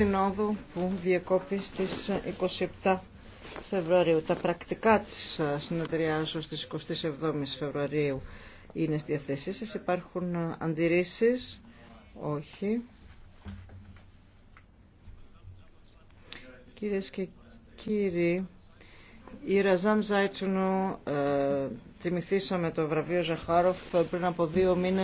συνόδου που διακόπη στις 27 Φεβρουαρίου. Τα πρακτικά της ω στις 27 Φεβρουαρίου είναι στη διαθέσή σας. Υπάρχουν αντιρρήσεις. Όχι. Κυρίες και κύριοι, η Ραζάμ Ζάιτσουνου ε, τιμηθήσαμε το βραβείο Ζαχάροφ πριν από δύο μήνες